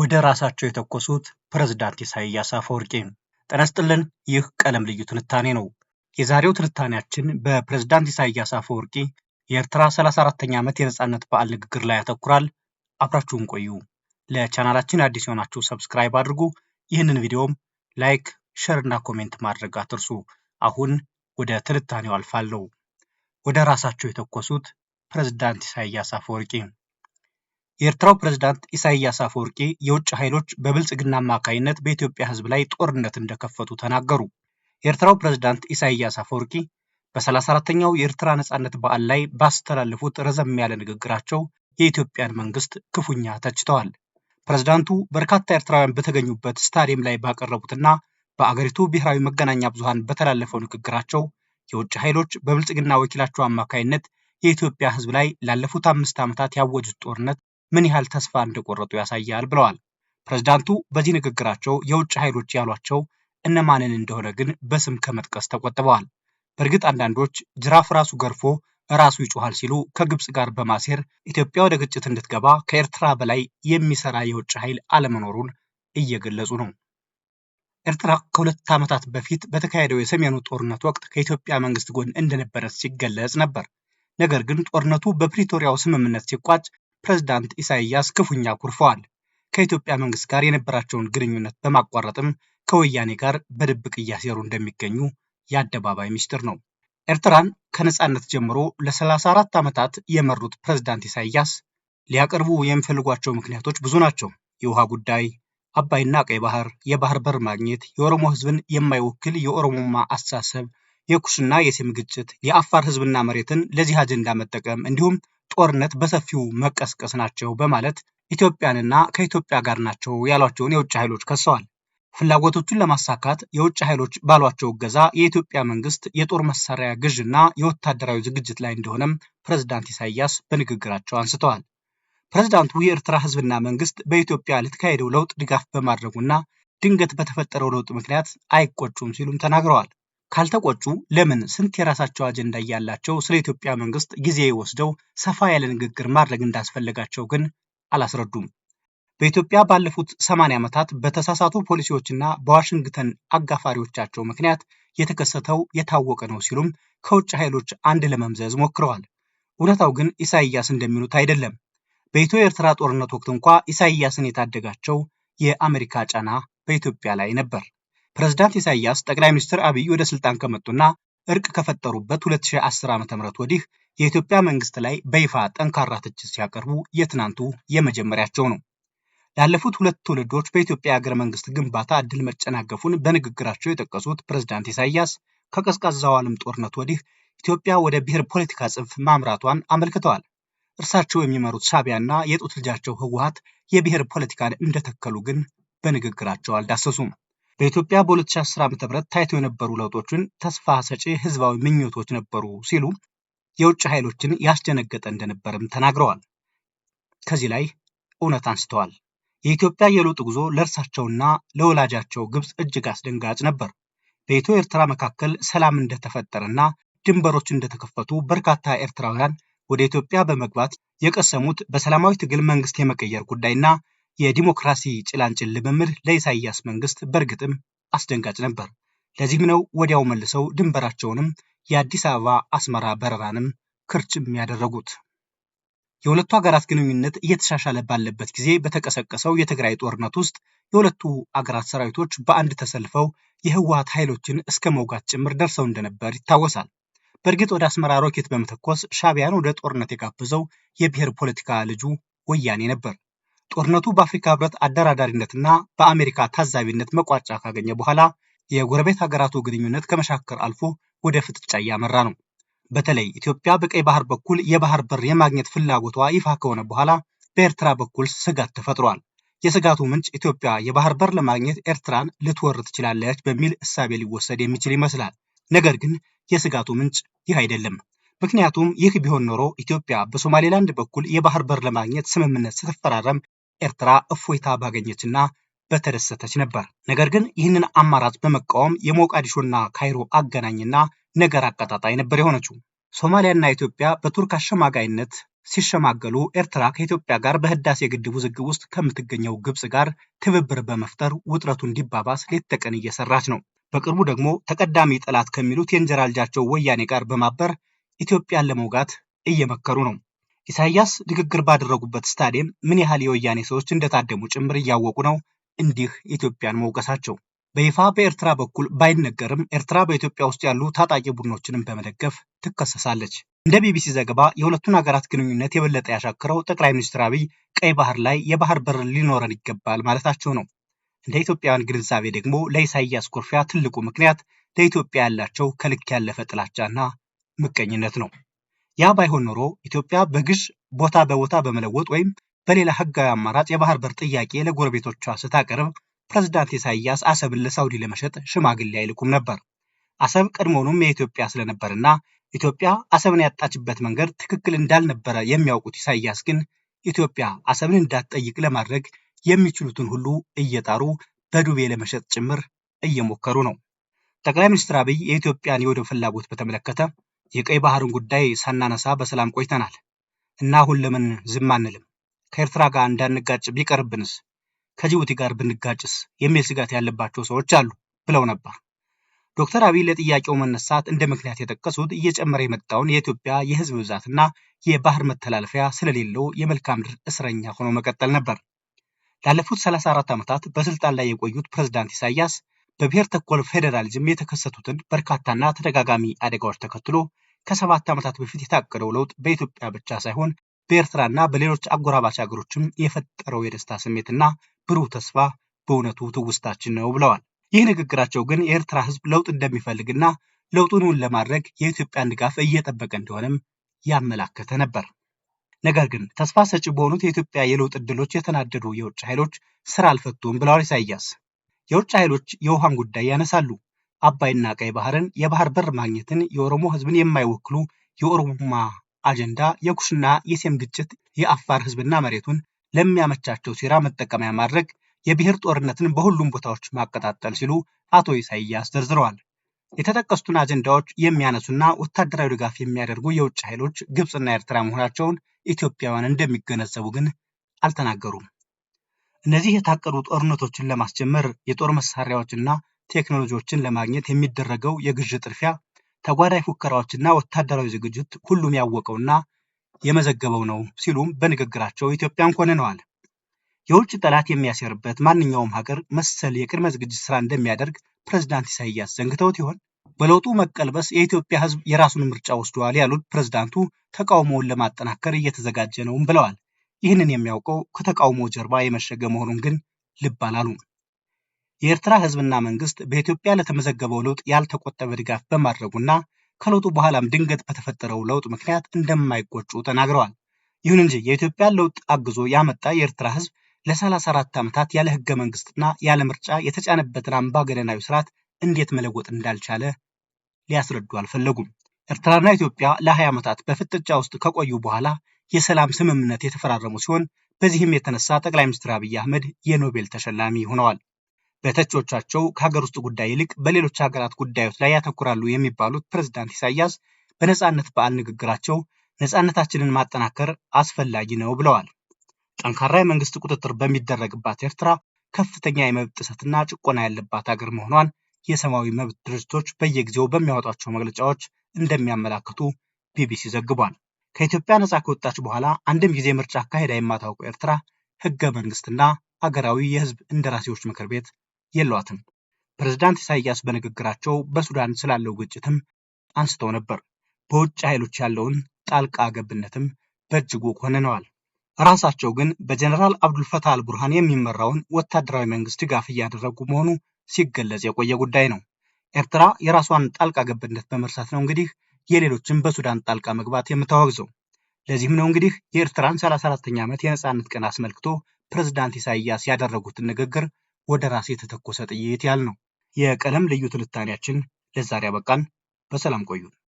ወደ ራሳቸው የተኮሱት ፕሬዝዳንት ኢሳይያስ አፈወርቂ። ጤና ይስጥልን። ይህ ቀለም ልዩ ትንታኔ ነው። የዛሬው ትንታኔያችን በፕሬዝዳንት ኢሳይያስ አፈወርቂ የኤርትራ 34ኛ ዓመት የነጻነት በዓል ንግግር ላይ ያተኩራል። አብራችሁን ቆዩ። ለቻናላችን አዲስ የሆናችሁ ሰብስክራይብ አድርጉ። ይህንን ቪዲዮም ላይክ፣ ሼር እና ኮሜንት ማድረግ አትርሱ። አሁን ወደ ትንታኔው አልፋለሁ። ወደ ራሳቸው የተኮሱት ፕሬዝዳንት ኢሳይያስ አፈወርቂ የኤርትራው ፕሬዝዳንት ኢሳያስ አፈወርቂ የውጭ ኃይሎች በብልጽግና አማካይነት በኢትዮጵያ ሕዝብ ላይ ጦርነት እንደከፈቱ ተናገሩ። የኤርትራው ፕሬዝዳንት ኢሳያስ አፈወርቂ በ34ኛው የኤርትራ ነጻነት በዓል ላይ ባስተላለፉት ረዘም ያለ ንግግራቸው የኢትዮጵያን መንግስት ክፉኛ ተችተዋል። ፕሬዝዳንቱ በርካታ ኤርትራውያን በተገኙበት ስታዲየም ላይ ባቀረቡትና በአገሪቱ ብሔራዊ መገናኛ ብዙሃን በተላለፈው ንግግራቸው የውጭ ኃይሎች በብልጽግና ወኪላቸው አማካይነት የኢትዮጵያ ሕዝብ ላይ ላለፉት አምስት ዓመታት ያወጁት ጦርነት ምን ያህል ተስፋ እንደቆረጡ ያሳያል ብለዋል። ፕሬዝዳንቱ በዚህ ንግግራቸው የውጭ ኃይሎች ያሏቸው እነማንን እንደሆነ ግን በስም ከመጥቀስ ተቆጥበዋል። በእርግጥ አንዳንዶች ጅራፍ ራሱ ገርፎ ራሱ ይጮሃል ሲሉ ከግብፅ ጋር በማሴር ኢትዮጵያ ወደ ግጭት እንድትገባ ከኤርትራ በላይ የሚሰራ የውጭ ኃይል አለመኖሩን እየገለጹ ነው። ኤርትራ ከሁለት ዓመታት በፊት በተካሄደው የሰሜኑ ጦርነት ወቅት ከኢትዮጵያ መንግስት ጎን እንደነበረች ሲገለጽ ነበር። ነገር ግን ጦርነቱ በፕሪቶሪያው ስምምነት ሲቋጭ ፕሬዝዳንት ኢሳያስ ክፉኛ ኩርፈዋል። ከኢትዮጵያ መንግስት ጋር የነበራቸውን ግንኙነት በማቋረጥም ከወያኔ ጋር በድብቅ እያሴሩ እንደሚገኙ የአደባባይ ምስጢር ነው። ኤርትራን ከነፃነት ጀምሮ ለ34 ዓመታት የመሩት ፕሬዝዳንት ኢሳያስ ሊያቀርቡ የሚፈልጓቸው ምክንያቶች ብዙ ናቸው። የውሃ ጉዳይ፣ አባይና ቀይ ባህር፣ የባህር በር ማግኘት፣ የኦሮሞ ህዝብን የማይወክል የኦሮሞማ አስተሳሰብ፣ የኩስና የሴም ግጭት፣ የአፋር ህዝብና መሬትን ለዚህ አጀንዳ መጠቀም እንዲሁም ጦርነት በሰፊው መቀስቀስ ናቸው በማለት ኢትዮጵያንና ከኢትዮጵያ ጋር ናቸው ያሏቸውን የውጭ ኃይሎች ከሰዋል። ፍላጎቶቹን ለማሳካት የውጭ ኃይሎች ባሏቸው እገዛ የኢትዮጵያ መንግስት የጦር መሳሪያ ግዥና የወታደራዊ ዝግጅት ላይ እንደሆነም ፕሬዝዳንት ኢሳያስ በንግግራቸው አንስተዋል። ፕሬዝዳንቱ የኤርትራ ህዝብና መንግስት በኢትዮጵያ ለተካሄደው ለውጥ ድጋፍ በማድረጉና ድንገት በተፈጠረው ለውጥ ምክንያት አይቆጩም ሲሉም ተናግረዋል። ካልተቆጩ ለምን ስንት የራሳቸው አጀንዳ እያላቸው ስለ ኢትዮጵያ መንግስት ጊዜ ወስደው ሰፋ ያለ ንግግር ማድረግ እንዳስፈለጋቸው ግን አላስረዱም። በኢትዮጵያ ባለፉት 80 ዓመታት በተሳሳቱ ፖሊሲዎችና በዋሽንግተን አጋፋሪዎቻቸው ምክንያት የተከሰተው የታወቀ ነው ሲሉም ከውጭ ኃይሎች አንድ ለመምዘዝ ሞክረዋል። እውነታው ግን ኢሳይያስ እንደሚሉት አይደለም። በኢትዮ ኤርትራ ጦርነት ወቅት እንኳ ኢሳይያስን የታደጋቸው የአሜሪካ ጫና በኢትዮጵያ ላይ ነበር። ፕሬዝዳንት ኢሳያስ ጠቅላይ ሚኒስትር አብይ ወደ ስልጣን ከመጡና እርቅ ከፈጠሩበት 2010 ዓ.ም ወዲህ የኢትዮጵያ መንግስት ላይ በይፋ ጠንካራ ትችት ሲያቀርቡ የትናንቱ የመጀመሪያቸው ነው። ላለፉት ሁለት ትውልዶች በኢትዮጵያ የሀገረ መንግስት ግንባታ እድል መጨናገፉን በንግግራቸው የጠቀሱት ፕሬዝዳንት ኢሳያስ ከቀዝቃዛው ዓለም ጦርነት ወዲህ ኢትዮጵያ ወደ ብሔር ፖለቲካ ጽንፍ ማምራቷን አመልክተዋል። እርሳቸው የሚመሩት ሻቢያና የጡት ልጃቸው ህወሓት የብሔር ፖለቲካን እንደተከሉ ግን በንግግራቸው አልዳሰሱም። በኢትዮጵያ በ2010 ዓ.ም ታይተው የነበሩ ለውጦችን ተስፋ ሰጪ ህዝባዊ ምኞቶች ነበሩ ሲሉ የውጭ ኃይሎችን ያስደነገጠ እንደነበርም ተናግረዋል። ከዚህ ላይ እውነት አንስተዋል። የኢትዮጵያ የለውጥ ጉዞ ለእርሳቸውና ለወላጃቸው ግብፅ እጅግ አስደንጋጭ ነበር። በኢትዮ ኤርትራ መካከል ሰላም እንደተፈጠረና ድንበሮች እንደተከፈቱ በርካታ ኤርትራውያን ወደ ኢትዮጵያ በመግባት የቀሰሙት በሰላማዊ ትግል መንግስት የመቀየር ጉዳይና የዲሞክራሲ ጭላንጭል ልምምድ ለኢሳያስ መንግስት በእርግጥም አስደንጋጭ ነበር። ለዚህም ነው ወዲያው መልሰው ድንበራቸውንም የአዲስ አበባ አስመራ በረራንም ክርጭም ያደረጉት። የሁለቱ ሀገራት ግንኙነት እየተሻሻለ ባለበት ጊዜ በተቀሰቀሰው የትግራይ ጦርነት ውስጥ የሁለቱ አገራት ሰራዊቶች በአንድ ተሰልፈው የህወሀት ኃይሎችን እስከ መውጋት ጭምር ደርሰው እንደነበር ይታወሳል። በእርግጥ ወደ አስመራ ሮኬት በመተኮስ ሻቢያን ወደ ጦርነት የጋበዘው የብሔር ፖለቲካ ልጁ ወያኔ ነበር። ጦርነቱ በአፍሪካ ህብረት አደራዳሪነትና በአሜሪካ ታዛቢነት መቋጫ ካገኘ በኋላ የጎረቤት ሀገራቱ ግንኙነት ከመሻከር አልፎ ወደ ፍጥጫ እያመራ ነው። በተለይ ኢትዮጵያ በቀይ ባህር በኩል የባህር በር የማግኘት ፍላጎቷ ይፋ ከሆነ በኋላ በኤርትራ በኩል ስጋት ተፈጥሯል። የስጋቱ ምንጭ ኢትዮጵያ የባህር በር ለማግኘት ኤርትራን ልትወር ትችላለች በሚል እሳቤ ሊወሰድ የሚችል ይመስላል። ነገር ግን የስጋቱ ምንጭ ይህ አይደለም። ምክንያቱም ይህ ቢሆን ኖሮ ኢትዮጵያ በሶማሌላንድ በኩል የባህር በር ለማግኘት ስምምነት ስትፈራረም ኤርትራ እፎይታ ባገኘችና በተደሰተች ነበር። ነገር ግን ይህንን አማራጭ በመቃወም የሞቃዲሾና ካይሮ አገናኝና ነገር አቀጣጣይ ነበር የሆነችው። ሶማሊያና ኢትዮጵያ በቱርክ አሸማጋይነት ሲሸማገሉ ኤርትራ ከኢትዮጵያ ጋር በህዳሴ ግድብ ውዝግብ ውስጥ ከምትገኘው ግብፅ ጋር ትብብር በመፍጠር ውጥረቱ እንዲባባስ ሌት ተቀን እየሰራች ነው። በቅርቡ ደግሞ ተቀዳሚ ጠላት ከሚሉት የእንጀራ ልጃቸው ወያኔ ጋር በማበር ኢትዮጵያን ለመውጋት እየመከሩ ነው። ኢሳያስ ንግግር ባደረጉበት ስታዲየም ምን ያህል የወያኔ ሰዎች እንደታደሙ ጭምር እያወቁ ነው እንዲህ ኢትዮጵያን መውቀሳቸው። በይፋ በኤርትራ በኩል ባይነገርም ኤርትራ በኢትዮጵያ ውስጥ ያሉ ታጣቂ ቡድኖችንም በመደገፍ ትከሰሳለች። እንደ ቢቢሲ ዘገባ የሁለቱን ሀገራት ግንኙነት የበለጠ ያሻከረው ጠቅላይ ሚኒስትር አብይ ቀይ ባህር ላይ የባህር በር ሊኖረን ይገባል ማለታቸው ነው። እንደ ኢትዮጵያውያን ግንዛቤ ደግሞ ለኢሳያስ ኩርፊያ ትልቁ ምክንያት ለኢትዮጵያ ያላቸው ከልክ ያለፈ ጥላቻና ምቀኝነት ነው። ያ ባይሆን ኖሮ ኢትዮጵያ በግዥ ቦታ በቦታ በመለወጥ ወይም በሌላ ህጋዊ አማራጭ የባህር በር ጥያቄ ለጎረቤቶቿ ስታቀርብ ፕሬዝዳንት ኢሳያስ አሰብን ለሳውዲ ለመሸጥ ሽማግሌ አይልኩም ነበር። አሰብ ቀድሞውኑም የኢትዮጵያ ስለነበርና ኢትዮጵያ አሰብን ያጣችበት መንገድ ትክክል እንዳልነበረ የሚያውቁት ኢሳያስ ግን ኢትዮጵያ አሰብን እንዳትጠይቅ ለማድረግ የሚችሉትን ሁሉ እየጣሩ በዱቤ ለመሸጥ ጭምር እየሞከሩ ነው። ጠቅላይ ሚኒስትር አብይ የኢትዮጵያን የወደብ ፍላጎት በተመለከተ የቀይ ባህርን ጉዳይ ሳናነሳ በሰላም ቆይተናል እና አሁን ለምን ዝም አንልም? ከኤርትራ ጋር እንዳንጋጭ ቢቀርብንስ? ከጅቡቲ ጋር ብንጋጭስ? የሚል ስጋት ያለባቸው ሰዎች አሉ ብለው ነበር። ዶክተር አብይ ለጥያቄው መነሳት እንደ ምክንያት የጠቀሱት እየጨመረ የመጣውን የኢትዮጵያ የህዝብ ብዛትና የባህር መተላለፊያ ስለሌለው የመልካም ምድር እስረኛ ሆኖ መቀጠል ነበር። ላለፉት 34 ዓመታት በስልጣን ላይ የቆዩት ፕሬዝዳንት ኢሳያስ በብሔር ተኮር ፌዴራሊዝም የተከሰቱትን በርካታና ተደጋጋሚ አደጋዎች ተከትሎ ከሰባት ዓመታት በፊት የታቀደው ለውጥ በኢትዮጵያ ብቻ ሳይሆን በኤርትራና በሌሎች አጎራባች ሀገሮችም የፈጠረው የደስታ ስሜትና ብሩህ ተስፋ በእውነቱ ትውስታችን ነው ብለዋል። ይህ ንግግራቸው ግን የኤርትራ ሕዝብ ለውጥ እንደሚፈልግና ለውጡን እውን ለማድረግ የኢትዮጵያን ድጋፍ እየጠበቀ እንደሆነም ያመላከተ ነበር። ነገር ግን ተስፋ ሰጪ በሆኑት የኢትዮጵያ የለውጥ እድሎች የተናደዱ የውጭ ኃይሎች ስራ አልፈቱም ብለዋል ኢሳያስ። የውጭ ኃይሎች የውሃን ጉዳይ ያነሳሉ። አባይና ቀይ ባህርን የባህር በር ማግኘትን የኦሮሞ ህዝብን የማይወክሉ የኦሮማ አጀንዳ የኩሽና የሴም ግጭት የአፋር ህዝብና መሬቱን ለሚያመቻቸው ሴራ መጠቀሚያ ማድረግ የብሔር ጦርነትን በሁሉም ቦታዎች ማቀጣጠል ሲሉ አቶ ኢሳያስ ዘርዝረዋል። የተጠቀሱትን አጀንዳዎች የሚያነሱና ወታደራዊ ድጋፍ የሚያደርጉ የውጭ ኃይሎች ግብፅና ኤርትራ መሆናቸውን ኢትዮጵያውያን እንደሚገነዘቡ ግን አልተናገሩም። እነዚህ የታቀዱ ጦርነቶችን ለማስጀመር የጦር መሳሪያዎችና ቴክኖሎጂዎችን ለማግኘት የሚደረገው የግዥ ጥርፊያ ተጓዳኝ ፉከራዎችና ወታደራዊ ዝግጅት ሁሉም ያወቀውና የመዘገበው ነው ሲሉም በንግግራቸው ኢትዮጵያን ኮንነዋል። የውጭ ጠላት የሚያሴርበት ማንኛውም ሀገር መሰል የቅድመ ዝግጅት ስራ እንደሚያደርግ ፕሬዝዳንት ኢሳያስ ዘንግተውት ይሆን? በለውጡ መቀልበስ የኢትዮጵያ ሕዝብ የራሱን ምርጫ ወስደዋል ያሉት ፕሬዝዳንቱ ተቃውሞውን ለማጠናከር እየተዘጋጀ ነውም ብለዋል። ይህንን የሚያውቀው ከተቃውሞ ጀርባ የመሸገ መሆኑን ግን ልብ አላሉም። የኤርትራ ህዝብና መንግስት በኢትዮጵያ ለተመዘገበው ለውጥ ያልተቆጠበ ድጋፍ በማድረጉና ከለውጡ በኋላም ድንገት በተፈጠረው ለውጥ ምክንያት እንደማይቆጩ ተናግረዋል። ይሁን እንጂ የኢትዮጵያን ለውጥ አግዞ ያመጣ የኤርትራ ህዝብ ለ34 ዓመታት ያለ ህገ መንግስትና ያለ ምርጫ የተጫነበትን አምባገነናዊ ስርዓት እንዴት መለወጥ እንዳልቻለ ሊያስረዱ አልፈለጉም። ኤርትራና ኢትዮጵያ ለ20 ዓመታት በፍጥጫ ውስጥ ከቆዩ በኋላ የሰላም ስምምነት የተፈራረሙ ሲሆን በዚህም የተነሳ ጠቅላይ ሚኒስትር አብይ አህመድ የኖቤል ተሸላሚ ሆነዋል። በተቾቻቸው ከሀገር ውስጥ ጉዳይ ይልቅ በሌሎች ሀገራት ጉዳዮች ላይ ያተኩራሉ የሚባሉት ፕሬዝዳንት ኢሳያስ በነጻነት በዓል ንግግራቸው ነጻነታችንን ማጠናከር አስፈላጊ ነው ብለዋል። ጠንካራ የመንግስት ቁጥጥር በሚደረግባት ኤርትራ ከፍተኛ የመብት ጥሰትና ጭቆና ያለባት ሀገር መሆኗን የሰብአዊ መብት ድርጅቶች በየጊዜው በሚያወጧቸው መግለጫዎች እንደሚያመላክቱ ቢቢሲ ዘግቧል። ከኢትዮጵያ ነጻ ከወጣች በኋላ አንድም ጊዜ ምርጫ አካሄዳ የማታውቀው ኤርትራ ህገ መንግስትና አገራዊ የህዝብ እንደራሴዎች ምክር ቤት የሏትም። ፕሬዝዳንት ኢሳያስ በንግግራቸው በሱዳን ስላለው ግጭትም አንስተው ነበር። በውጭ ኃይሎች ያለውን ጣልቃ ገብነትም በእጅጉ ኮንነዋል። ራሳቸው ግን በጀነራል አብዱልፈታህ አልቡርሃን የሚመራውን ወታደራዊ መንግስት ድጋፍ እያደረጉ መሆኑ ሲገለጽ የቆየ ጉዳይ ነው። ኤርትራ የራሷን ጣልቃ ገብነት በመርሳት ነው እንግዲህ የሌሎችን በሱዳን ጣልቃ መግባት የምታወግዘው። ለዚህም ነው እንግዲህ የኤርትራን 34ተኛ ዓመት የነፃነት ቀን አስመልክቶ ፕሬዝዳንት ኢሳይያስ ያደረጉትን ንግግር ወደ ራስ የተተኮሰ ጥይት ያል ነው። የቀለም ልዩ ትንታኔያችን ለዛሬ አበቃን። በሰላም ቆዩ።